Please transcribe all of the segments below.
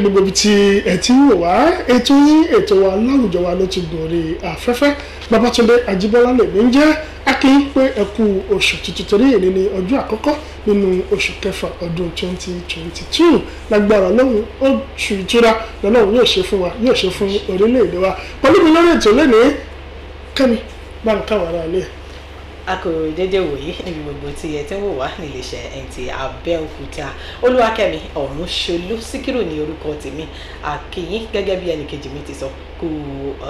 gbogbo ibi tí ẹ ti ń wò wá ètò yín ètò wa láwùjọ wa ló ti gòrí afẹ́fẹ́ Babátúndé Ajíbọ́lá lèmi ń jẹ́ akin pé ẹ oṣù tuntun torí èyí ni ọjọ́ àkọ́kọ́ nínú oṣù kẹfà ọdún 2022 lágbára ọlọ́run oṣù ìtura lọ́lọ́run yóò ṣe fún wa yóò ṣe fún orílẹ̀-èdè wa pẹ̀lú mi lórí ètò lẹ́nìí kẹ́mi a kò déédéé wòye níbi gbogbo tí ẹ ti ń wò wá níléeṣẹ́ NTA Abẹ́òkúta Olúwakẹ́mi Ọ̀rúnṣolú Síkírù ní orúkọ tèmi àkìyín gẹ́gẹ́ bí ẹnìkejì mi ti sọ kú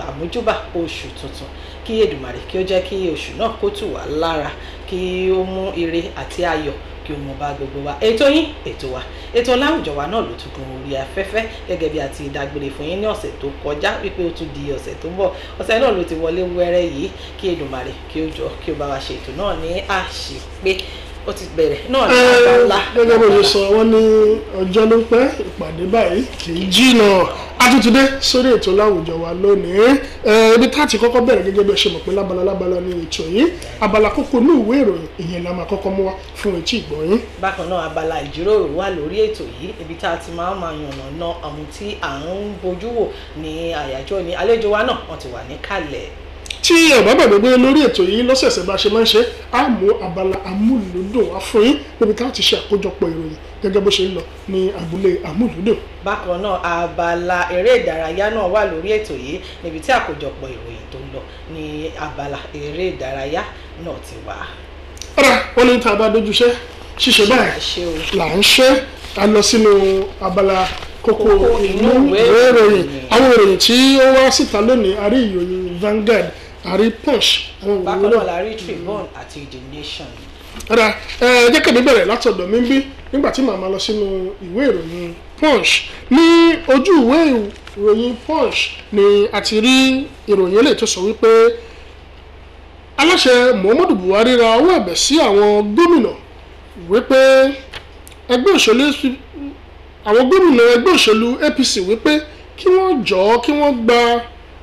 àmójúbà oṣù tuntun kí Èdùmàrè kí ó jẹ́ kí oṣù náà kó tù wá lára kí ó mú ire àti ayọ̀ kí o mọ bá gbogbo wa ètò yín ètò wa ètò láwùjọ wa náà ló tún gun orí afẹ́fẹ́ gẹ́gẹ́ bí a ti fún yín ní ọ̀sẹ̀ tó kọjá wípé ó tún di ọ̀sẹ̀ tó ń bọ̀ ọ̀sẹ̀ náà ló ti wọlé wẹ́rẹ́ yìí kí Èdùmàrè kí ó jọ kí o bá wa ṣe ètò náà ní àṣepé ó ti bẹ̀rẹ̀ náà ní àbá gẹ́gẹ́ bó ṣe sọ wọ́n ní ọjọ́ ló pẹ́ ìpàdé báyìí kì í jìnnà àtúntúndé sórí ètò láwùjọ wa lónìí ibi tá a ti kọ́kọ́ bẹ̀rẹ̀ gẹ́gẹ́ bí ẹ ṣe mọ̀ pé lábala lábala ni ètò yìí abala kókó ní ìwé ìròyìn ìyẹn la máa kọ́kọ́ mú wa fún etí ìgbọ̀nyín. bákan náà abala ìjíròrò wà lórí ètò yìí ibi tá a ti máa ma yànnà na àwọn tí à ń bojú wò ní àyájọ́ ní àlejò wa náà wọ́n ti wà níkàlẹ̀ tí ẹ̀bá bàbá gbé lórí ètò yìí lọ́sẹ̀ẹ̀sẹ̀ bá ṣe máa ń ṣe á mú abala amúlùdùn wá fún yín níbi tá a ti ṣe àkójọpọ̀ ìròyìn gẹ́gẹ́ bó ṣe ń lọ ní abúlé àmúlùdò. bákan náà abala eré ìdárayá náà wà lórí ètò yìí níbi tí àkójọpọ̀ ìròyìn tó ń lọ ní abala eré ìdárayá náà ti wà. ọ̀rẹ́ wọn ní tá a bá ṣíṣe báyìí là ń ṣe a lọ sínú abala kókó inú ìwé ìròyìn àwọn ìròyìn tí ó wá síta lónìí a rí ìròyìn Vanguard a rí Punch àwọn ìròyìn náà. bákan náà la rí Tribune àti The Nation ọ̀dà ẹ jẹ́ kẹ́mi bẹ̀rẹ̀ látọ̀dọ̀ mi bí nígbà tí màmá lọ sínú ìwé ìròyìn punch ní ojú ìwé ìròyìn punch ni a ti rí ìròyìn eléyìí tó sọ wípé aláṣẹ Muhammadu Buhari ra owó ẹ̀bẹ̀ sí àwọn gómìnà wípé ẹgbẹ́ òṣèlú àwọn gómìnà ẹgbẹ́ òṣèlú APC wípé kí wọ́n jọ̀ọ́ kí wọ́n gba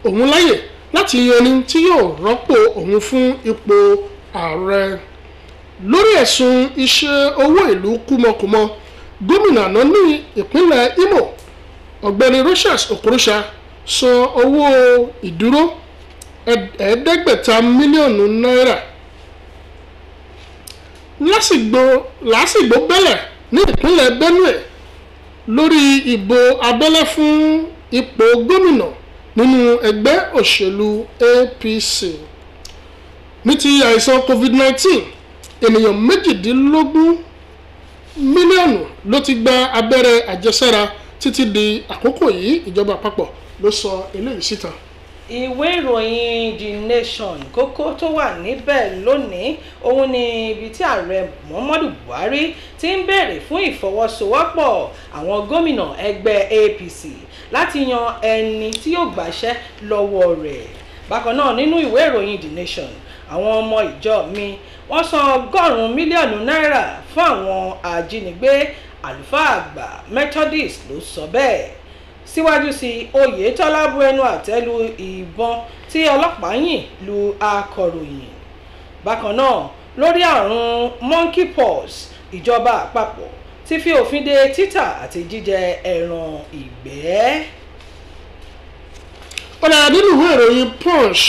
òun láyè láti yan ẹni tí yóò rọ́pò òun fún ipò ààrẹ lórí ẹ̀sùn iṣẹ́ owó ìlú kúmọkùmọ gómìnà àná ní ìpínlẹ̀ Imo ọ̀gbẹ́ni Rochas Okorocha sọ owó ìdúró ẹ̀ẹ́dẹ́gbẹ̀ta mílíọ̀nù náírà lásìgbò lásìgbò ní ìpínlẹ̀ Benue lórí ìbò abẹ́lé fún ipò gómìnà nínú ẹgbẹ́ òṣèlú APC ní ti àìsàn COVID-19 ènìyàn méjìdínlógún mílíọ̀nù ló ti gba abẹ́rẹ́ àjẹsára títí di àkókò yìí ìjọba àpapọ̀ ló sọ eléyìí síta. ìwé ìròyìn the nation kókó tó wà níbẹ̀ lónìí òun ni ibi tí ààrẹ muhammadu buhari ti ń bèrè fún ìfọwọ́sowọ́pọ̀ àwọn gómìnà ẹgbẹ́ apc láti yan ẹni tí yóò gbàṣẹ́ lọ́wọ́ rẹ̀ bákan náà nínú ìwé ìròyìn the nation àwọn ọmọ ìjọ mi wọ́n san ọgọ́rùn-ún mílíọ̀nù náírà fún àwọn ajínigbé àlùfáà àgbà Methodist ló sọ bẹ́ẹ̀ síwájú sí Oyètọ́lá bu ẹnu àtẹ́ lu ìbọn tí ọlọ́pàá yìn lu akọ̀ròyìn bákan náà lórí àrùn monkeypox ìjọba àpapọ̀ ti fi òfin de títà àti jíjẹ ẹran ìgbẹ́. ọ̀làdúnrún ìwé ìròyìn punch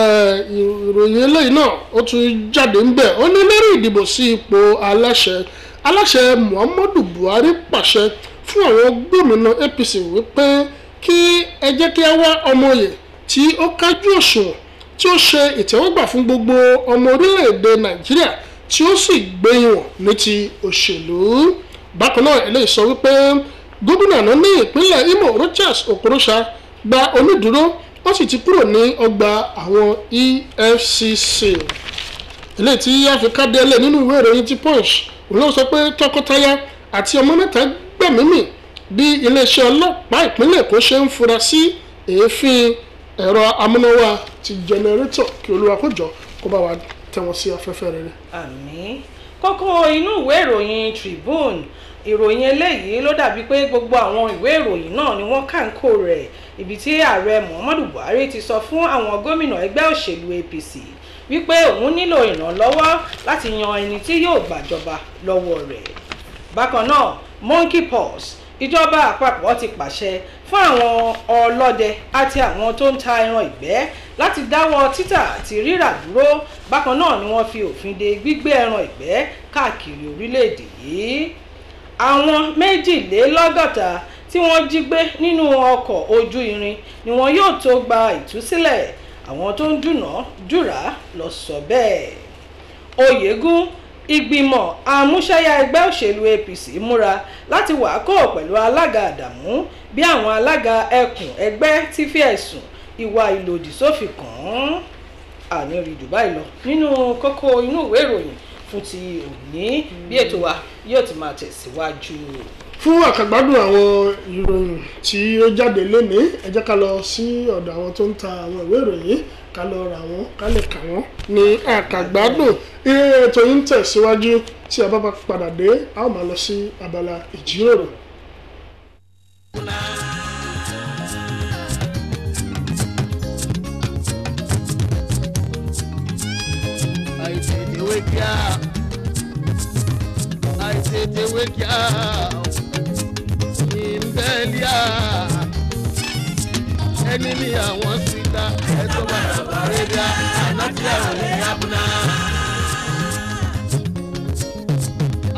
Eh, ìròyìn eléyìí náà ó tún jáde ń bẹ̀ ó ní lórí ìdìbò sí ipò aláṣẹ aláṣẹ Muhammadu Buhari pàṣẹ fún àwọn gómìnà APC wípé kí ẹ jẹ́ kí ẹ wá ọmọye tí ó kájú òṣùwọ̀n tí ó ṣe ìtẹ́wọ́gbà fún gbogbo ọmọ orílẹ̀-èdè Nàìjíríà tí ó sì gbẹ̀yìn ní ti òṣèlú bákan náà eléyìí sọ wípé gómìnà náà ní ìpínlẹ̀ Imo Rochas Okorocha gba onídùúró wọ́n sì ti kúrò ní ọgbà àwọn EFCC ilé tí àfikà délé nínú ìwé ìròyìn ti punch òun ló sọ pé tọkọtaya àti ọmọ mẹ́ta gbẹ̀mímì bí iléeṣẹ́ ọlọ́pàá ìpínlẹ̀ Èkó ṣe ń fura sí èéfín ẹ̀rọ amúnáwá ti jẹnẹrétọ̀ kí Olúwa kó jọ kó bá wa tẹ̀wọ̀n sí afẹ́fẹ́ rere. àmín kókó inú ìwé ìròyìn Tribune ìròyìn eléyìí ló dàbí pé gbogbo àwọn ìwé ìròyìn náà ni wọ́n kà ń kó rẹ̀ ibi tí ààrẹ muhammadu buhari ti sọ fún àwọn gómìnà ẹgbẹ́ òṣèlú apc wípé òun nílò ìrànlọ́wọ́ láti yan ẹni tí yóò gbàjọba lọ́wọ́ rẹ̀ bákan náà monkey pox ìjọba àpapọ̀ ti pàṣẹ fún àwọn ọlọ́dẹ àti àwọn tó ń ta ẹran ìgbẹ́ láti dáwọ́ títà àti rírà dúró bákan náà ni wọ́n fi òfin de gbígbé ẹran ìgbẹ́ káàkiri orílẹ̀-èdè yìí àwọn méjìlélọ́gọ́ta tí wọ́n jí gbé nínú ọkọ̀ ojú irin ni wọn yóò tó gba ìtúsílẹ̀ àwọn tó ń dúnàádúrà lọ sọ bẹ́ẹ̀. Oyègùn ìgbìmọ̀ àmúṣẹ́yà ẹgbẹ́ òṣèlú APC múra láti wàákò pẹ̀lú alága Àdàmú bí àwọn alága ẹkùn ẹgbẹ́ ti fi ẹ̀sùn ìwà ìlòdì sófin kàn án àní rí Dubai lọ nínú kókó inú ìwé ìròyìn fún ti òní bí ètò wa yóò ti máa tẹ̀síwájú fún àkàgbádùn àwọn ìròyìn tí ó jáde lénìí ẹ jẹ́ ká lọ sí ọ̀dọ̀ àwọn tó ń ta àwọn ìwé ìròyìn ká lọ rà wọ́n ká lè kà wọ́n ní àkàgbádùn eré ètò yìí ń tẹ̀síwájú tí a bá padà dé a ó máa lọ sí abala ìjíròrò níbi àwọn ti dá ẹjọ́ bàtà bàrẹ́bíà ànáfíà òní abúná.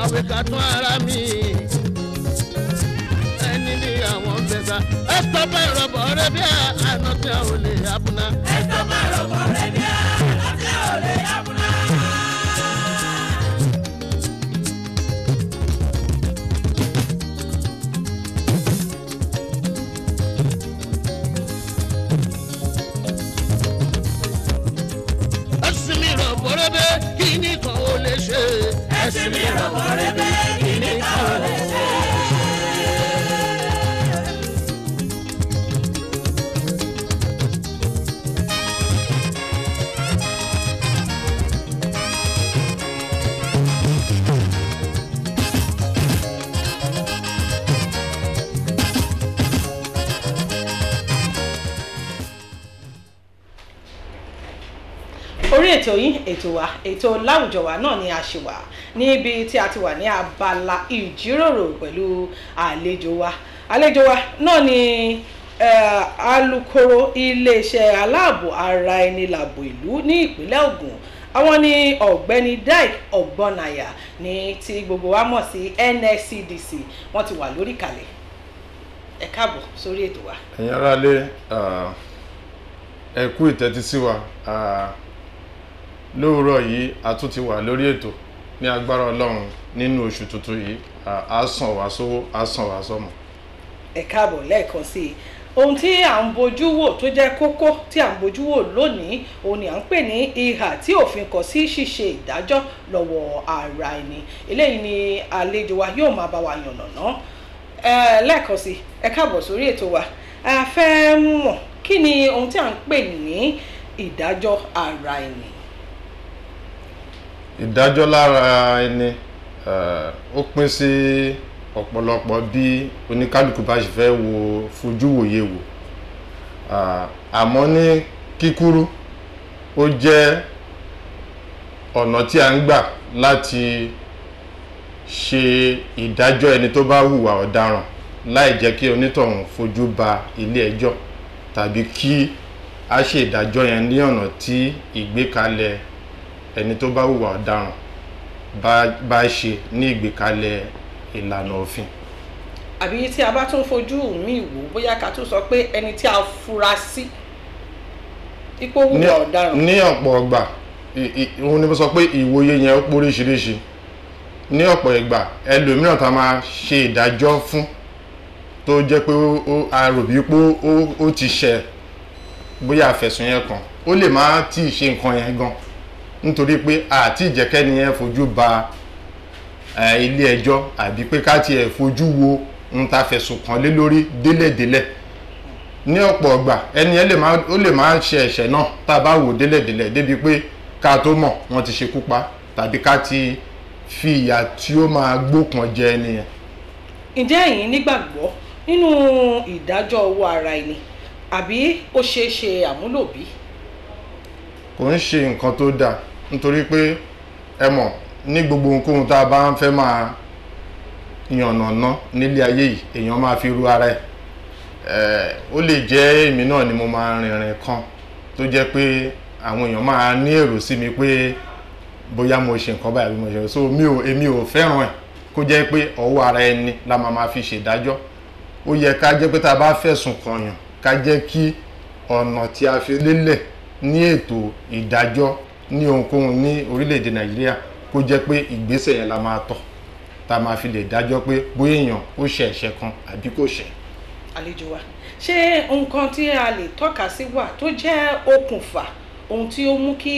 àwẹ̀ká tún ara mi ẹni bí àwọn bẹ̀sà ẹjọ́ bàrọ̀ bọ̀rẹ́bíà ànáfíà òní abúná. ẹjọ́ bàrọ̀ bọ̀rẹ́bíà. ẹ̀sìn mi rò kórè bẹ́ẹ̀ kí ni ètò yín ètò wa ètò láwùjọ wa náà ni a ṣe wà níbi tí a ti wà ní abala ìjíròrò pẹ̀lú àlejò wa àlejò wa náà ni alukoro iléeṣẹ́ aláàbò ara ẹni làbò ìlú ní ìpínlẹ̀ Ògùn àwọn ni ọ̀gbẹ́ni Dike Ọ̀gbọ́nàyà ní tí gbogbo wa mọ̀ sí NSCDC wọ́n ti wà lórí kalẹ̀ ẹ káàbọ̀ sórí ètò wa. ẹ̀yin aráalé ẹ ìtẹ́tí sí wa lóòrọ̀ yìí a tún ti wà lórí ètò ní agbára ọlọ́run nínú oṣù tuntun yìí á sàn wá sówó á sàn wá sọ́mọ. ẹ káàbọ̀ lẹ́ẹ̀kan sí i ohun tí à ń bojú wò tó jẹ́ kókó tí à ń bojú wò lónìí òun ni à ń pè ní ìhà tí òfin kọ sí ṣíṣe ìdájọ́ lọ́wọ́ ara ẹni eléyìí ni àlejò wa yóò máa bá wa yànnàná lẹ́ẹ̀kan sí ẹ káàbọ̀ sórí ètò wa a fẹ́ mọ̀ kí ni ohun tí à ń pè ní ìdájọ́ ara ẹni ìdájọ́ lára ẹni eh, ó pín sí ọ̀pọ̀lọpọ̀ bí oníkálukú bá ṣe fẹ́ wo fojú wòye wò eh, àmọ́ ní kíkúrú ó jẹ́ ọ̀nà tí a ń gbà láti ṣe ìdájọ́ ẹni tó bá hùwà ọ̀daràn láì jẹ́ kí onítọ̀hún fojú ba ilé ẹjọ́ tàbí kí a ṣe ìdájọ́ yẹn ní ọ̀nà tí ìgbékalẹ̀ ẹni tó bá hùwà ọ̀daràn bá ṣe ní ìgbékalẹ̀ ìlànà òfin. àbí tí a bá tún fojú mi wò bóyá ká tún sọ pé ẹni tí a fura sí ipò hùwà ọ̀daràn. ní ọ̀pọ̀ ọgbà òun ni mo sọ pé ìwòye yẹn ó póríṣiríṣi ní ọ̀pọ̀ ìgbà ẹlòmíràn tá a máa ṣe ìdájọ́ fún tó jẹ́ pé a rò bí pé ó ti ṣẹ̀ bóyá àfẹ̀sùn yẹn kan ó lè má tí ì ṣe nǹkan yẹn gan-an nítorí pé àti ìjẹ́kẹ́ni ẹ fojú ba ilé ẹjọ́ àbí pé ká tiẹ̀ fojú wo ń ta fẹ̀sùn kàn lé lórí délẹ̀délẹ̀ ní ọ̀pọ̀ ọgbà ẹni ẹ lè máa ṣe ẹ̀ṣẹ̀ náà tá a bá wò délẹ̀délẹ̀ débi pé ká tó mọ̀ wọ́n ti ṣekú pa tàbí ká ti fi ìyà tí ó máa gbókan jẹ ẹni yẹn. ǹjẹ́ ẹ̀yin nígbàgbọ́ nínú ìdájọ́ ọwọ́ ara ẹni àbí ó ṣeé ṣe àmúlò bí? kò ń ṣe nǹkan tó dáa nítorí pé ẹ mọ̀ ní gbogbo ohunkóhun tá a bá ń fẹ́ máa yànnàná nílé ayé yìí èèyàn máa fi ru ara ẹ̀ ó lè jẹ́ èmi náà ni mo máa rìnrìn kan tó jẹ́ pé àwọn èèyàn máa ní èrò sí mi pé bóyá mo ṣe nǹkan báyìí àbí mo ṣe so mi ò èmi ò fẹ́ràn ẹ̀ kó jẹ́ pé ọwọ́ ara ẹni la máa máa fi ṣèdájọ́ ó yẹ ká jẹ́ pé tá a bá fẹ̀sùn kàn yàn ká jẹ́ kí ọ̀nà tí a fi lélẹ̀ ní ètò ìdájọ́ ní ohunkóhun ní orílẹ̀-èdè nàìjíríà kó jẹ́ pé ìgbésẹ̀ yẹn la máa tọ̀ tá a máa fi lè dájọ́ pé bóyá èèyàn ó ṣe ẹ̀ṣẹ̀ kan àbí kò ṣe. àlejò wa ṣé nǹkan tí a lè tọ́ka sí wà tó jẹ́ okùnfà ohun tí ó mú kí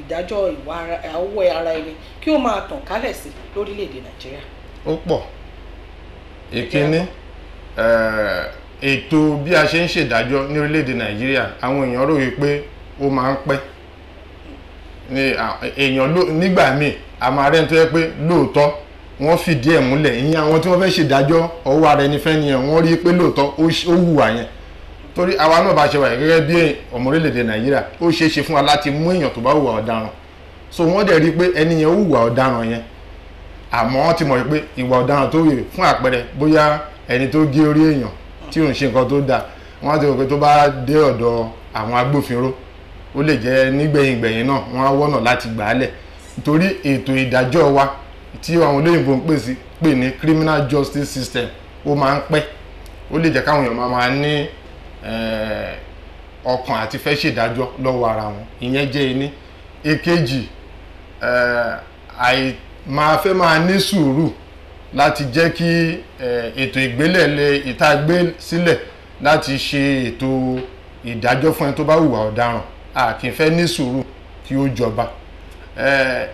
ìdájọ́ ìwà àwọ̀ ara ẹni kí ó máa tàn kálẹ̀ sí lórílẹ̀‐èdè nàìjíríà. ó pọ̀ ìkíní eh, ètò bí a ṣe ń ṣèdájọ́ ní orílẹ̀‐èdè nàìjíríà àwọn èèyàn rò wípé ó máa ń pẹ́ èèyàn nígbà míì àmọ́ ààrẹ tó yẹ pé lóòótọ́ wọ́n fìdí ẹ̀ múlẹ̀ ìyẹn àwọn tí wọ́n fẹ́ ṣèdájọ́ ọwọ́ ara ẹni fẹ́ nìyẹn wọ́n rí i pé lóòótọ́ ó hùwà yẹn torí àwa náà bá ṣe wà gẹ́gẹ́ bí ọmọ orílẹ̀-èdè nàìjíríà ó ṣeé ṣe fún wa láti mú èèyàn tó bá hùwà ọ̀daràn so wọ́n dẹ̀ rí i pé ẹni yẹn hùwà ọ̀daràn yẹn àmọ́ ti mọ̀ pé ìwà ọ̀daràn tó rèé fún àpẹẹrẹ bóyá ẹni tó gé orí èèyàn tí ò ń ṣe nǹkan tó dáa wọ́n á ti rò pé tó bá dé ọ̀dọ̀ àwọn agbófinró ó lè jẹ́ nígbẹ̀yìngbẹ̀yìn náà wọ́n á wọ́nà láti gbà á lẹ̀ nítorí ètò ìdájọ́ wa tí àwọn olóyìnbó ń pè sí pè ní criminal justice system ó máa ń pẹ́ ó lè jẹ́ káwọn èèyàn máa máa ní eh, ọkàn àti fẹ́ ṣèdájọ́ lọ́wọ́ ara wọn ìyẹn jẹ́ ení èkejì eh, àìmáa fẹ́ máa ní sùúrù láti jẹ́ kí eh, ètò ìgbélẹ̀lẹ̀ ìta gbé sílẹ̀ láti ṣe ètò ìdájọ́ fún ẹni tó bá hùwà ọ̀daràn a kì í fẹ́ ní sùúrù kí ó jọba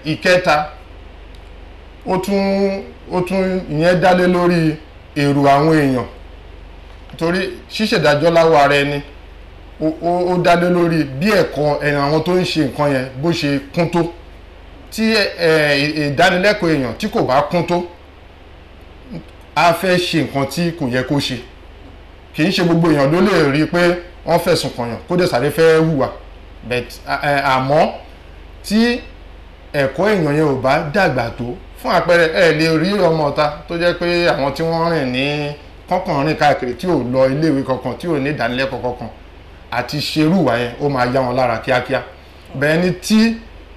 ìkẹta ó tún ó tún ìyẹn dálé lórí èrò àwọn èèyàn torí ṣíṣèdájọ́ láwọ̀ ara ẹni ó dálé lórí bí ẹ̀kọ́ ẹ̀ràn àwọn tó ń ṣe nǹkan yẹn bó ṣe kún tó tí ìdánilẹ́kọ̀ọ́ èèyàn tí kò bá kún tó a fẹ́ ṣe nǹkan tí kò yẹ kó ṣe kì í ṣe gbogbo èèyàn ló lè rí i pé wọ́n fẹ̀sùn kàn yàn kó dẹ̀ sáré fẹ́ hùwà but àmọ́ tí ẹ̀kọ́ èèyàn yẹn ò bá dàgbà tó fún àpẹẹrẹ ẹ lè rí ọmọ ọ̀ta tó jẹ́ pé àwọn tí wọ́n rìn ní kọ́kànrin káàkiri tí ò lọ iléèwé kankan tí ò ní ìdánilẹ́kọ̀ọ́ kankan àti ṣerú ìwà yẹn ó máa yá wọn lára kíákíá bẹ́ẹ̀ ni tí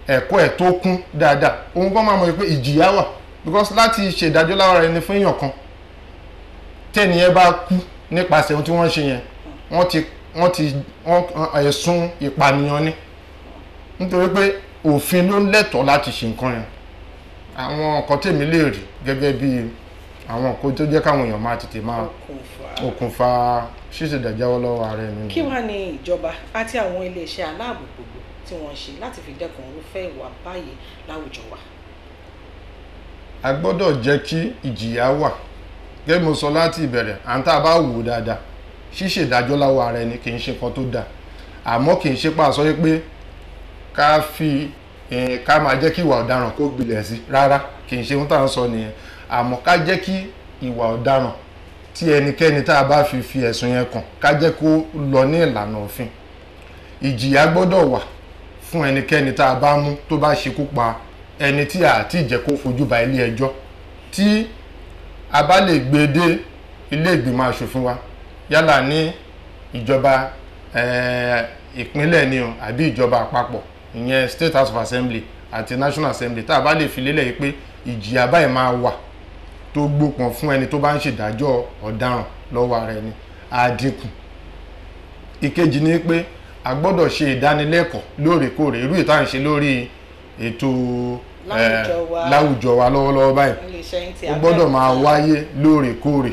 ẹ̀kọ́ ẹ̀ tó kún dáadáa òun kọ́ máa mọ̀ pé ìjìyà wà because láti ṣèdájọ́ lára ẹni fún èèyàn kan tẹ́niyẹn bá kú nípasẹ̀ ohun tí wọ́n ṣe yẹn wọ́n ti wọ́n ti ẹ̀sùn ìpànìyàn ni nítorí pé òfin ló lẹ́tọ̀ọ́ láti ṣe nǹkan yẹn àwọn nǹkan tèmi lè rí gẹ́gẹ́ bí àwọn nǹkan tó jẹ́ káwọn èèyàn máa tètè máa okùnfà ṣíṣèdájáwọ́ lọ́wọ́ ara ẹni. kí wàá ní ìjọba àti àwọn iléeṣẹ́ aláàbò gbogbo tí wọ́n ṣe láti fi dẹ́kun irúfẹ́ ìwà báyìí láwùjọ wa. a gbọ́dọ̀ jẹ́ kí ìjìyà wà gẹ́gẹ́ mo sọ láti ìbẹ̀rẹ̀ à ń tá a bá wò ó dáadáa ṣíṣe ìdájọ́ láwọ ara ẹni kì í ṣe nǹkan tó dáa àmọ́ kì í ṣe pa àsọyé pé ká fi ká máa jẹ́ kí ìwà ọ̀daràn kó gbilẹ̀ sí rárá kì í ṣe ohun tá à ń sọ nìyẹn àmọ́ ká jẹ́ kí ìwà ọ̀daràn tí ẹnikẹ́ni tá a bá fi fi ẹ̀sùn yẹn kàn ká jẹ́ kó lọ ní ìlànà òfin ìjìyà gbọ́dọ̀ wà fún ẹnikẹ́ni tá a bá mú tó bá ṣekú pa ẹni tí a ti jẹ́ kó fojú ba ilé ẹjọ́ tí a bá lè gbé dé ilé ìgbìmọ̀ asòfin wa yálà ní ìjọba ìpínlẹ̀ ni o àbí ìjọba àpapọ̀ ìyẹn state house of assembly àti national assembly tá a bá lè fi lélẹ̀ pé ìjìyà báyìí máa wà tó gbópọn fún ẹni tó bá ń ṣèdájọ́ ọ̀daràn lọ́wọ́ ara ẹni àdínkù ìkejì ni pé a gbọ́dọ̀ ṣe ìdánilẹ́kọ̀ọ́ lóòrèkóòrè irú ìta ń lórí ètò láwùjọ wa lọ́wọ́lọ́wọ́ báyìí ó gbọ́dọ̀ máa wáyé lóòrèkóòrè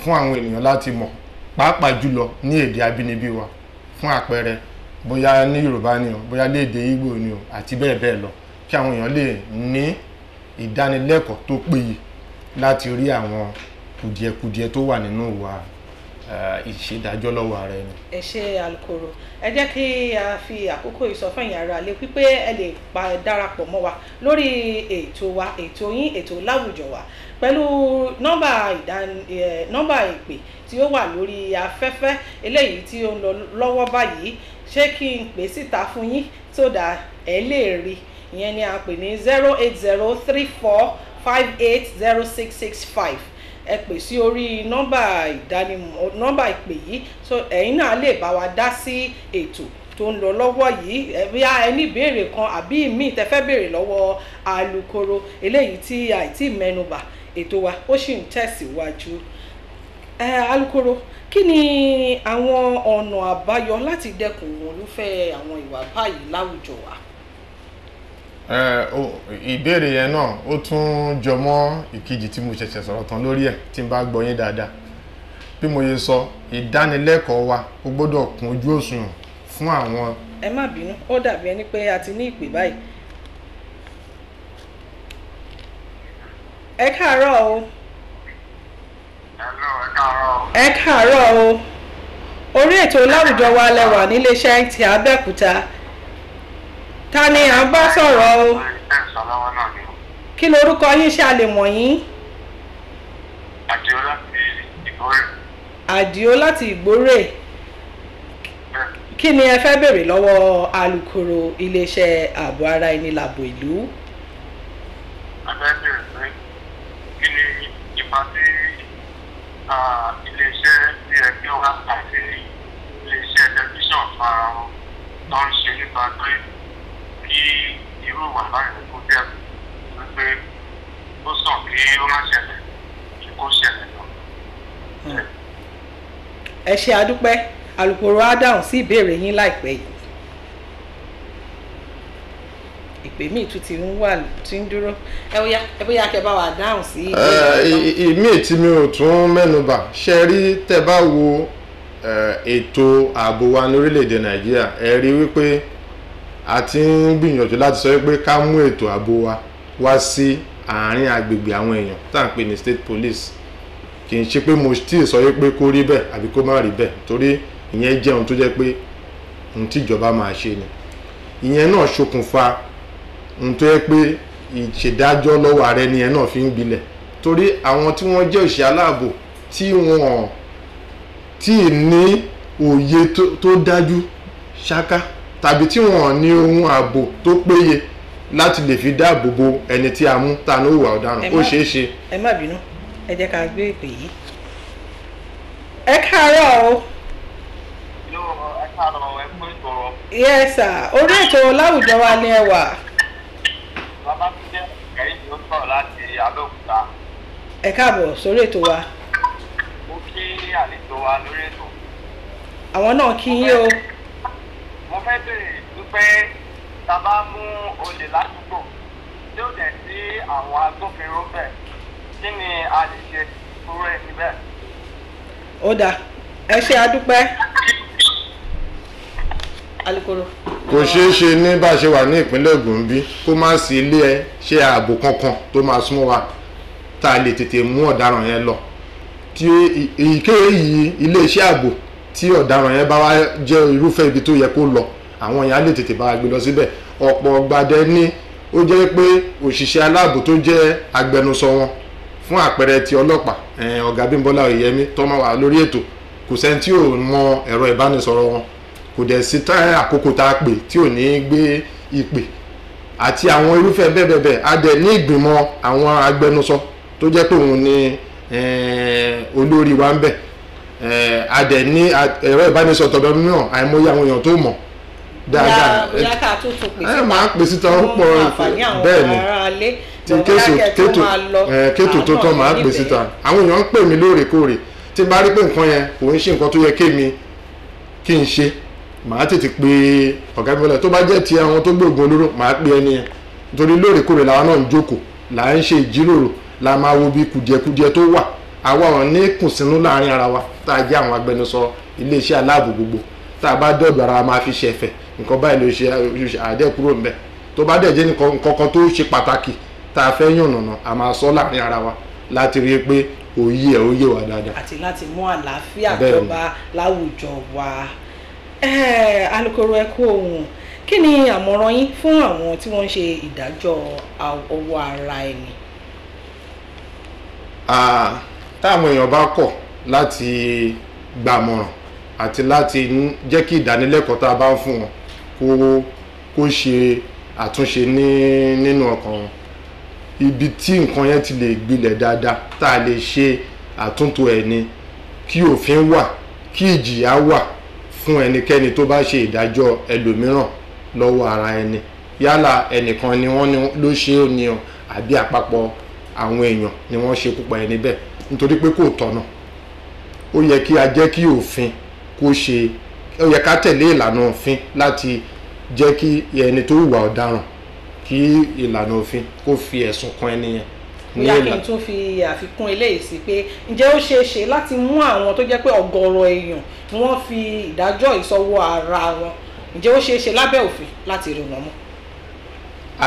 fún àwọn ènìyàn láti mọ̀ pàápàá jùlọ ní èdè abínibí wa fún àpẹẹrẹ bóyá ní Yorùbá ni o bóyá léde Ìgbò ni o àti bẹ́ẹ̀ bẹ́ẹ̀ lọ kí àwọn èèyàn lè ní ìdánilẹ́kọ̀ọ́ tó péye láti rí àwọn kùdìẹ̀kudiẹ tó wà nínú wa Eh, ìṣèdájọ́ lọ́wọ́ ara ẹni. ẹ ṣe alukoro ẹ jẹ́ kí a fi àkókò ìsọfẹ̀yìn ara lé pípé ẹ lè pa darapọ̀ mọ́ wa lórí ètò wa ètò yín ètò láwùjọ wa pẹ̀lú nọ́mbà ìdán eh, nọ́mbà ìpè tí ó wà lórí afẹ́fẹ́ eléyìí tí ó ń lọ lọ́wọ́ báyìí ṣé kí n pè síta fún yín tó dà ẹ lè rí ìyẹn ni a pè ní zero eight zero three four five eight zero six six five ẹ pè sí orí nọ́mbà ìdánimọ̀ nọ́mbà ìpè yìí so ẹ̀yin náà lè bá wa dá sí ètò tó ń lọ lọ́wọ́ yìí bóyá ẹni ìbéèrè kan àbí míì tẹ́ fẹ́ béèrè lọ́wọ́ alukoro eléyìí tí àìtí mẹ́nubà ètò wa ó sì ń tẹ̀síwájú. alukoro kí ni àwọn ọ̀nà àbáyọ láti dẹ́kun olùfẹ́ àwọn ìwà báyìí láwùjọ wa ìbéèrè yẹn náà ó tún jọ mọ́ ìkejì tí mo ṣẹ̀ṣẹ̀ sọ̀rọ̀ tán lórí ẹ̀ tí n bá gbọ́ yín dáadáa bí mo yẹ sọ ìdánilẹ́kọ̀ọ́ wa ó gbọ́dọ̀ kún ojú òṣùwọ̀n fún àwọn. ẹ má bínú ó dàbí ẹni pé a ti ní ìpè báyìí. ẹ káàárọ̀ o. ẹ káàárọ̀ o. orí ètò láwùjọ wa lẹ́wà níléeṣẹ́ ti Abẹ́òkúta ta ni à bá sọ̀rọ̀ o kí lorúkọ yín ṣe a lè mọ̀ yín. àdìo láti ìgbórè. àdìo láti ìgbórè kí ni ẹ fẹ́ béèrè lọ́wọ́ alukoro iléeṣẹ́ ààbò ara ẹni làbò ìlú. a fẹ́ béèrè pé kí ni ipa tí iléeṣẹ́ tí ẹ gbé wá àti iléeṣẹ́ tẹlifíṣàn fara wọn tó ń ṣe nípa pé kí irú ìwà báyìí kó jẹ́ wípé ó sàn kí ó má ṣẹlẹ̀ kí kó ṣẹlẹ̀ lọ. ẹ ṣe àdúpẹ́ alùpùpù á dáhùn sí ìbéèrè yín láìpẹ́ yìí ìpè míì tún ti ń wà tí ń dúró ẹ bóyá ẹ bóyá kẹ bá wà dáhùn sí. ìmí tí mi ò tún mẹ́nubà ṣe rí tẹ́ bá wo ètò ààbò wa ní orílẹ̀-èdè nàìjíríà ẹ rí wípé a ti ń gbìyànjú láti sọ pé ká mú ètò ààbò wa wá sí àárín agbègbè àwọn èèyàn tá à ń pè ní state police kì í ṣe pé mo tí ì sọ pé kó rí bẹ́ẹ̀ àbí kó má rí bẹ́ẹ̀ torí ìyẹn jẹ́ ohun tó jẹ́ pé ohun tí ìjọba máa ṣe ni ìyẹn náà ṣokùnfà ohun tó yẹ pé ìṣèdájọ́ lọ́wọ́ ààrẹ ni ẹ̀ náà fi ń gbilẹ̀ torí àwọn tí wọ́n jẹ́ òṣìṣẹ́ aláàbò tí wọ́n tí ì ní òye tó dájú ṣáká tàbí tí wọ́n ní ohun ààbò tó péye láti lè fi dáàbò bo ẹni tí a mú ta ló hùwà ọ̀daràn ó ṣeé ṣe. ẹ má bínú ẹ jẹ́ ká gbé ìpè yìí. ẹ káàárọ̀ o. yóò ẹ káàárọ̀ ẹ kó ìtọ̀rọ̀. yes sir orí ètò láwùjọ wa ni ẹ wà. bàbá mi jẹ́ kẹ́hìn ló sọ̀rọ̀ láti abẹ́òkúta. ẹ káàbọ̀ sórí ètò wa. mo kí àlejò wa lórí ètò. àwọn náà kí yín o fẹ́ bèrè wípé tá a bá mú olè ládùúgbò tí ó dẹ̀ sí àwọn agbófinró bẹ́ẹ̀ kí ni a lè ṣe kúrò ẹ̀ níbẹ̀. ó dáa ẹ ṣe adúpẹ́ alukoro. kò ṣeé ṣe ní bá a ṣe wà ní ìpínlẹ̀ Ògùn bí kó má sí ilé ẹ ṣe ààbò kankan tó máa súnmọ́ wa tá a lè tètè mú ọ̀daràn yẹn lọ tí èyíkéyìí iléeṣẹ́ ààbò tí ọ̀daràn yẹn bá wá jẹ́ irúfẹ́ ibi tó yẹ kó lọ àwọn èèyàn á lè tètè bá a gbé lọ síbẹ̀ ọ̀pọ̀ gbadẹ ní ó jẹ́ pé òṣìṣẹ́ aláàbò tó jẹ́ agbẹnusọ wọn fún àpẹẹrẹ ti ọlọ́pàá eh, ọ̀gá Bímbọ́lá Oyèyẹmí tó máa wà lórí ètò kò sẹ́ni tí ò mọ ẹ̀rọ ìbánisọ̀rọ̀ wọn kò dẹ̀ sí àkókò tá a pè tí ò ní gbé ìpè àti àwọn irúfẹ́ bẹ́ẹ̀bẹ́ẹ̀ a ní ìgbìmọ̀ àwọn agbẹnusọ tó jẹ́ pé òun ni eh, olórí wa ń bẹ̀ eh, a ní ẹ̀rọ ìbánisọ̀rọ̀ tọ̀dọ̀ mìíràn àìmọye àwọn èèyàn tó mọ̀ dáadáa ẹ eh, máa pè síta ó pọ̀ bẹ́ẹ̀ ni tí kéètò eh, tó tán máa pè síta àwọn èèyàn ń pè mí lóòrèkóòrè tí bá rí pé nǹkan yẹn kò ń ṣe nǹkan tó yẹ kémi kí n ṣe màá tètè pe ọ̀gá mi lọ́la tó bá jẹ́ ti àwọn tó gbóògùn olóró màá pe ẹni yẹn nítorí lóòrèkóòrè làwa náà ń jókòó là ń ṣe ìjíròrò la máa wo bí kùdìẹ̀kùdìẹ̀ tó wà àwa ò ní kùnsínú láàrin ara wa tá a jẹ́ àwọn agbẹnusọ iléeṣẹ́ aláàbò gbogbo tá a bá dọ̀dọ̀ ara wa máa fi ṣẹ̀fẹ̀ nǹkan báyìí ló ṣe àdẹ́ kúrò ń bẹ̀ tó bá dẹ̀ jẹ́ nǹkan kan tó ṣe pàtàkì tá a fẹ́ yànnàná a máa sọ láàrin ara wa láti rí i pé òye ẹ̀ ó yé wa dáadáa. àti láti mú àlàáfíà jọba láwùjọ wa alukoro ẹ kú ohun kí ni àmọ̀ràn yín fún àwọn tí wọ́n ń ṣe ìdájọ́ ọwọ́ ara ẹni. táwọn èèyàn bá kọ̀ láti gbàmọ̀ràn àti láti jẹ́ kí ìdánilẹ́kọ̀ọ́ tá a bá ń fún wọn kó kó ṣe àtúnṣe ní nínú ọkàn wọn ibi tí nǹkan yẹn ti lè gbilẹ̀ dáadáa tá a lè ṣe àtúntò ẹ̀ ni kí òfin wà kí ìjìyà wà fún ẹnikẹ́ni tó bá ṣe ìdájọ́ ẹlòmíràn lọ́wọ́ ara ẹni yálà ẹnìkan ni wọ́n ló ṣe é ni o àbí àpapọ̀ àwọn èèyàn ni wọ́n ṣekú pa ẹni bẹ́ẹ̀ nítorí pé kò tọ̀nà ó yẹ kí a jẹ́ kí òfin kó ṣe ó yẹ ká tẹ̀lé ìlànà òfin láti jẹ́ kí ẹni tó hùwà ọ̀daràn kí ìlànà òfin kó fi ẹ̀sùn kan ẹni yẹn ní ìlà. ìyá kí n tún fi àfikún eléyìí sí pé ǹjẹ́ ó ṣeé ṣe láti mú àwọn tó jẹ́ pé ọ̀gọ̀rọ̀ èèyàn wọ́n fi ìdájọ́ ìsọwọ́ ara wọn ǹjẹ́ ó ṣeé ṣe lábẹ́ òfin láti rí wọn mú.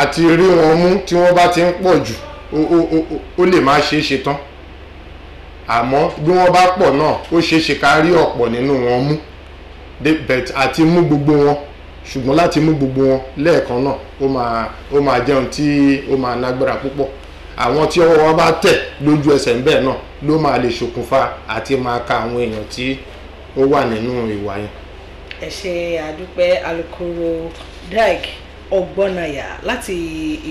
àti rí wọn mú tí wọ́n bá ti ń pọ̀ jù ó lè má ṣeé ṣe tán àmọ́ bí wọ́n bá pọ̀ náà ó ṣeé ṣe ká rí ọ̀pọ̀ nínú wọn mú bet àti mú gbogbo wọn ṣùgbọ́n láti mú gbogbo wọn lẹ́ẹ̀kan náà ó máa ó máa jẹun tí ó máa nágbára púpọ̀ àwọn tí ọwọ́ wọn bá tẹ̀ lójú ẹsẹ̀ ńbẹ̀ náà ló máa lè ṣokùnfà àti máa ka àwọn èèyàn tí ó wà nínú ìwà yẹn. ẹ ṣe àdúpẹ́ alukoro drake ọgbọ́nayà láti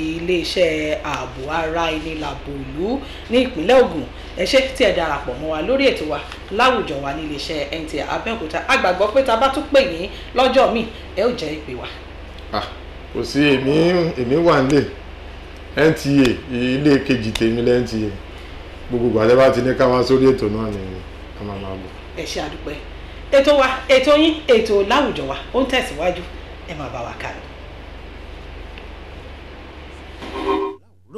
iléeṣẹ́ ààbò ara ẹni ìlú ní ìpínlẹ̀ Ògùn ẹ ṣé tí ẹ darapọ̀ mọ́ wa lórí ètò wa láwùjọ wa ní iléeṣẹ́ NTA Abẹ́òkúta a gbàgbọ́ pé ta bá tún pè yín lọ́jọ́ míì ẹ ó jẹ́ ìpè wa. Ah, kò sí èmi èmi wà nílé NTA ilé kejì tèmi lẹ́ NTA gbogbo àti bá ti ní ká wá sórí ètò náà ni a máa máa bọ̀. ẹ ṣe àdúpẹ́ ètò wa ètò yín ètò láwùjọ wa ó ń tẹ̀síwájú ẹ máa bá wa kálọ.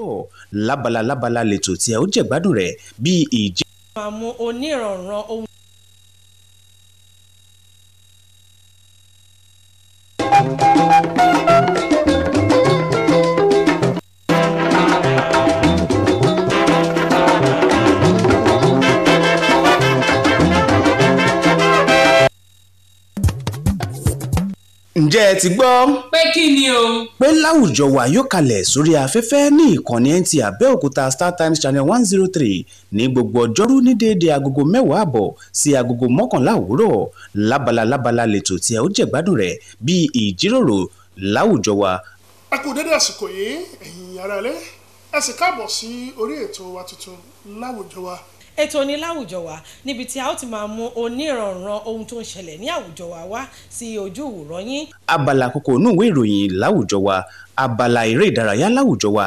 òwúrọ̀ lábala lábala lẹ́tọ̀ tí ẹ ó jẹ̀gbádùn rẹ̀ bíi ìjẹ́. àmọ́ onírànran ohun ṣẹ́ ẹ ti gbọ́. pé kí ni o. pé láwùjọ wa yóò kalẹ̀ sórí afẹ́fẹ́ ní ìkànnì NTA Abẹ́òkúta Star Times Channel one zero three ní gbogbo ọjọ́rú ní déédéé agogo mẹ́wàá àbọ̀ sí agogo mọ́kànlá òwúrọ̀ lábala lábala lètò tí a ó jẹ̀gbádùn rẹ̀ bíi ìjíròrò láwùjọ wa. ẹ kú dédé àsìkò yìí ẹ̀yin aráalé ẹ sì káàbọ̀ sí orí ètò wa tuntun láwùjọ wa ètò ní láwùjọ wa níbi tí a ó ti máa mú onírànran ohun tó ń ṣẹlẹ̀ ní àwùjọ wa wá sí ojú ìwòran yín. abala àkókò inú ìwé ìròyìn láwùjọ wa abala eré ìdárayá láwùjọ wa.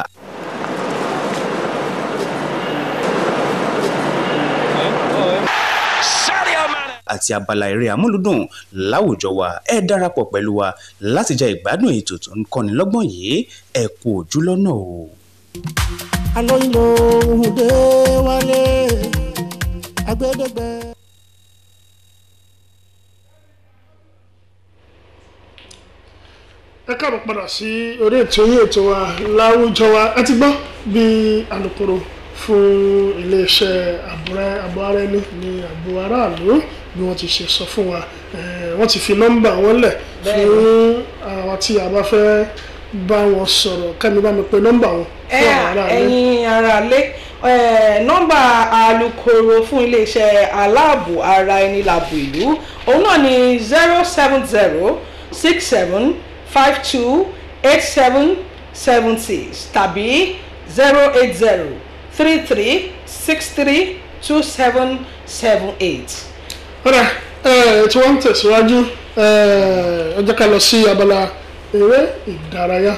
àti abala eré amúlùdùn láwùjọ wa ẹ darapọ̀ pẹ̀lú wa láti jẹ ìgbádùn ètò tó ń kọ́ni lọ́gbọ́n yìí ẹ kú ojú lọ́nà o. thank you alóyinbo òhùndé wálé agbẹ́dẹ́gbẹ́. ẹ káàbọ̀ padà sí orí ètò yín ètò wa láwùjọ wa ẹ ti gbọ́ bí alukoro fún iléeṣẹ́ ààbò ara ẹni ní ààbò aráàlú bí wọ́n ti ṣe sọ fún wa wọ́n ti fi nọ́mbà wọn lẹ̀ fún àwọn tí a bá fẹ́ bá wọn sọ̀rọ̀ kẹ́mi bá mi pe nọ́mbà wọn. ẹ̀yin aráalé nọ́mbà alukoro fún iléeṣẹ́ aláàbò ara ẹni làbò ìlú òun náà ni zero seven zero six seven five two eight seven seven six tàbí zero eight zero three three six three two seven seven eight. ọ̀rẹ́ ẹ̀ tí wọ́n ń tẹ̀síwájú ẹ̀ ẹ jẹ́ ká lọ sí abala eré ìdárayá.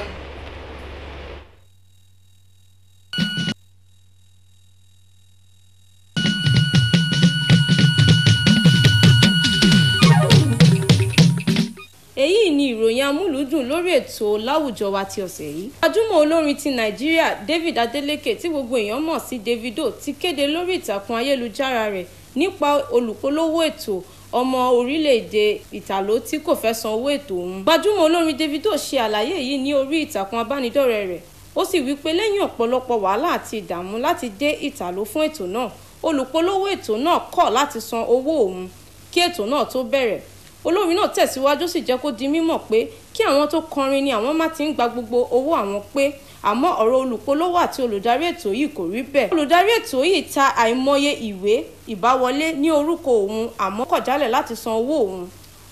èyí ni ìròyìn amúlùúdùn lórí ètò láwùjọ wa ti ọ̀sẹ̀ yìí. gbajúmọ̀ olórin ti nàìjíríà david adeleke tí gbogbo èèyàn mọ̀ sí davido ti kéde lórí ìtàkùn ayélujára rẹ̀ nípa olùpolówó ètò ọmọ orílẹ̀-èdè ìtàló tí kò fẹ́ san owó ètò òun. gbajúmọ̀ olórin Davido ṣe àlàyé yìí ní orí ìtàkùn abánidọ́rẹ̀ẹ́ rẹ̀ ó sì wí pé lẹ́yìn ọ̀pọ̀lọpọ̀ wàhálà àti ìdààmú láti dé ìtàló fún ètò náà olùpolówó ètò náà kọ̀ láti san owó òun kí ètò náà tó bẹ̀rẹ̀ olórin náà tẹ̀síwájú sì jẹ́ kó di mímọ̀ pé kí àwọn tó kọrin ni àwọn má ti ń gba gbogbo owó àwọn pé àmọ́ ọ̀rọ̀ olùpolówó àti olùdarí ètò yìí kò rí bẹ́ẹ̀ olùdarí ètò yìí ta àìmọye ìwé ìbáwọlé ní orúkọ òun àmọ́ kọ̀ jálẹ̀ láti san owó òun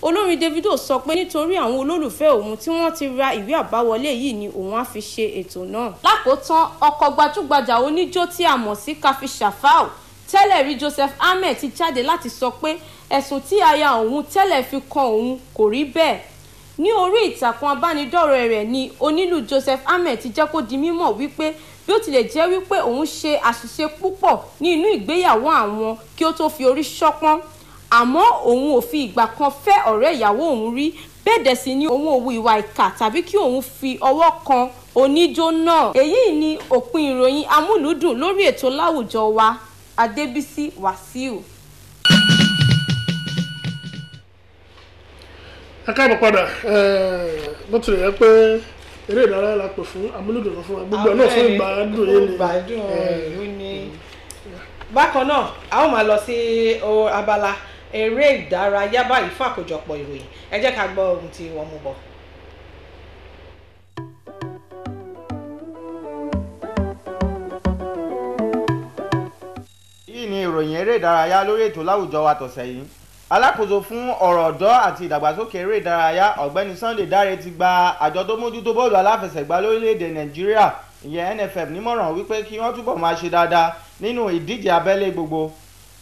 olórin Davido sọ pé nítorí àwọn olólùfẹ́ òun tí wọ́n ti ra ìwé àbáwọlé yìí ni òun á fi ṣe ètò náà. lákòótán ọkọ̀ gbajúgbajà oníjó tí a mọ̀ sí Kafi Shafau tẹ́lẹ̀ rí Joseph Ahmed ti jáde láti sọ pé ẹ̀sùn tí aya òun tẹ́lẹ̀ fi kan òun kò rí bẹ́ẹ̀ ní orí ìtàkùn abánidọ́rẹ̀ẹ́ rẹ̀ ni onílù Joseph Ahmed ti jẹ́ kó di mímọ̀ wípé bí ó tilẹ̀ jẹ́ wípé òun ṣe àṣìṣe púpọ̀ ní inú ìgbéyàwó àwọn kí ó tó fi orí ṣọpọ́n àmọ́ òun ò fi ìgbà kan fẹ́ ọ̀rẹ́ ìyàwó òun rí bẹ́ẹ̀ dẹ̀ sì ni òun ò wu ìwà ìkà tàbí kí òun fi ọwọ́ kan oníjó náà èyí ni òpin ìròyìn amúlùúdùn lórí ètò láwùjọ wa Adébísí Wàsíù. ẹ káàbọ̀ padà bó tilẹ̀ yẹ pé eré ìdárayá la pè fún amúlùdùn fún wa gbogbo náà fún ìgbàdùn yìí ni. ìgbàdùn ìlú ni bákan náà a ó máa lọ sí abala eré ìdárayá báyìí fún àkójọpọ̀ ìròyìn ẹ jẹ́ ká gbọ́ ohun tí wọ́n mú bọ̀. yìí ni ìròyìn eré ìdárayá lórí ètò láwùjọ wa tọ̀sẹ̀ yìí alákòóso fún ọ̀rọ̀ ọ̀dọ́ àti ìdàgbàsókè eré ìdárayá ọ̀gbẹ́ni sunday dáre ti gba àjọ tó mójútó bọ́ọ̀lù aláfẹsẹ̀gbá lórílẹ̀‐èdè nàìjíríà ìyẹn nff nímọ̀ràn wípé kí wọ́n túbọ̀ máa ṣe dáadáa nínú ìdíje abẹ́lé gbogbo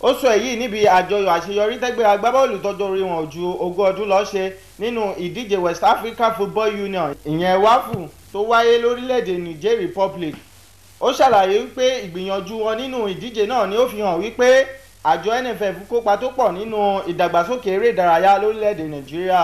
ó sọ èyí níbi àjọyọ̀ àṣeyọrí tẹ́gbẹ́ agbábọ́ọ̀lù tọ́jọ́ orí wọn ju ogún ọdún lọ ṣe nínú ìdíje west africa football union ìyẹn wáfù tó wáyé lórílẹ̀‐èdè niger republic ó ṣàlàyé wípé ìgbìyànjú wọn nínú ìdíje náà ni ó fi hàn wípé àjọ nff kópa tó pọ̀ nínú ìdàgbàsókè eré ìdárayá lórílẹ̀‐èdè nàìjíríà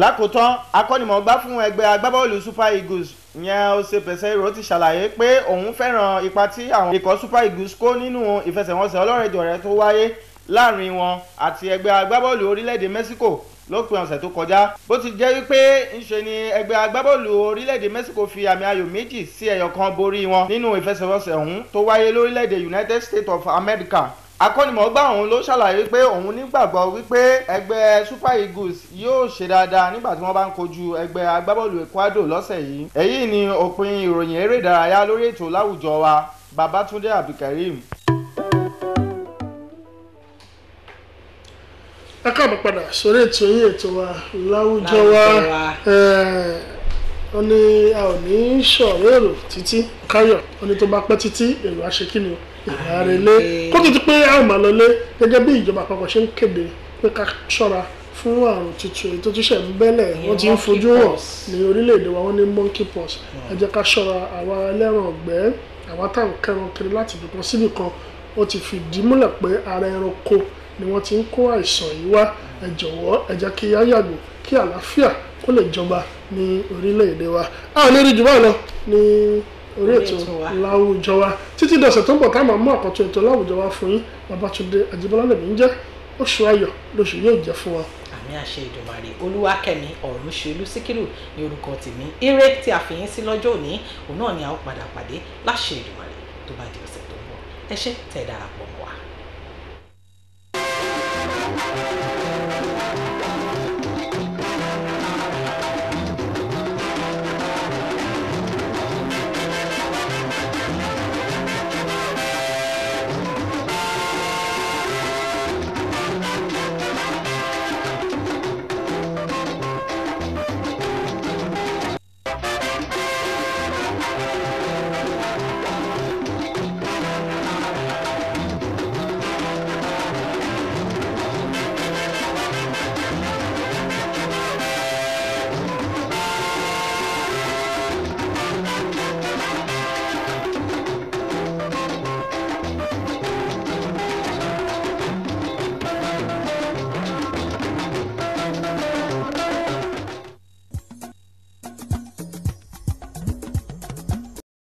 lákòótán akọ́nimọ̀ọ́gbá fún ẹgbẹ́ agbábọ́ọ̀lù super eagles ìyẹn Jose Peseiro ti ṣàlàyé pé òun fẹ́ràn ipa tí àwọn ikọ̀ super eagles kó nínú ìfẹsẹ̀wọnsẹ̀ ọlọ́rẹ̀dọ̀rẹ́ tó wáyé láàrin wọn àti ẹgbẹ́ agbábọ́ọ̀lù orílẹ̀‐èdè mexico lópin ọ̀sẹ̀ tó kọjá bó ti jẹ́ wípé ńṣe ni ẹgbẹ́ agbábọ́ọ̀lù orílẹ̀‐èdè mexico fi àmì ayò méjì sí ẹyọ kan borí wọn nínú ìfẹsẹ̀wọnsẹ̀ ọ̀hún tó wáyé lórílẹ̀‐èdè united states of america akọ́nimọ̀ọ́gbà òun ló ṣàlàyé pé òun nígbàgbọ́ wípé ẹgbẹ́ super eagles yóò ṣe dáadáa nígbà tí wọ́n bá ń kojú ẹgbẹ́ agbábọ́ọ̀lù ecuador lọ́sẹ̀ yìí èyí ni òpin ìròyìn eré ìdárayá lórí ètò láwùjọ wa babatunde abdulkareem. ẹ káàbọ̀ padà sórí ètò yín ètò wa láwùjọ wa wọ́n ní a ò ní sọ̀rọ̀ èrò títí káyọ̀ wọ́n ní tó bá pẹ́ títí èrò àṣekínni ìrarelé kó tó ti pé àìmọ̀lọ́lé gẹ́gẹ́ bí ìjọba àpapọ̀ ṣe ń kéde pé ká ṣọ́ra fún àrùn tuntun èyí tó ti ṣẹ̀ ń bẹ́lẹ̀ wọ́n ti ń fojú hàn ní orílẹ̀-èdè wa wọ́n ní monkey pox ẹ jẹ́ ká ṣọ́ra àwa ẹlẹ́ran ọ̀gbẹ́ àwa táwọn kẹran kiri láti dùnkàn síbì kan ó ti fìdí múlẹ̀ pé ara ẹranko ni wọ́n ti ń kó àìsàn yìí wá ẹ jọ̀wọ́ ẹ jẹ́ kí á yàgò kí àlàáfíà kó lè jọba ní orílẹ̀-èdè wa. a ò ní rí jù báyìí lọ ní orí ètò láwùjọ wa títí dọ̀sẹ̀ tó ń bọ̀ táwọn mú àkọ́tún ètò láwùjọ wa fún yín Babátúndé Àjíbọ́lá lèmi ń jẹ́ oṣù ayọ̀ lóṣù yóò jẹ́ fún wa. àmì àṣẹ Ìdùmarè Olúwakẹ́mi Ọ̀rúnṣolú Síkírù ní orúkọ tèmi eré tí a fi yín sí lọ́jọ́ òní òun náà ni a ó padà pàdé láṣẹ Ìdùmarè tó bá di ọ̀sẹ̀ tó ń bọ̀ ẹ ṣé tẹ̀ darapọ̀ mọ́ wa.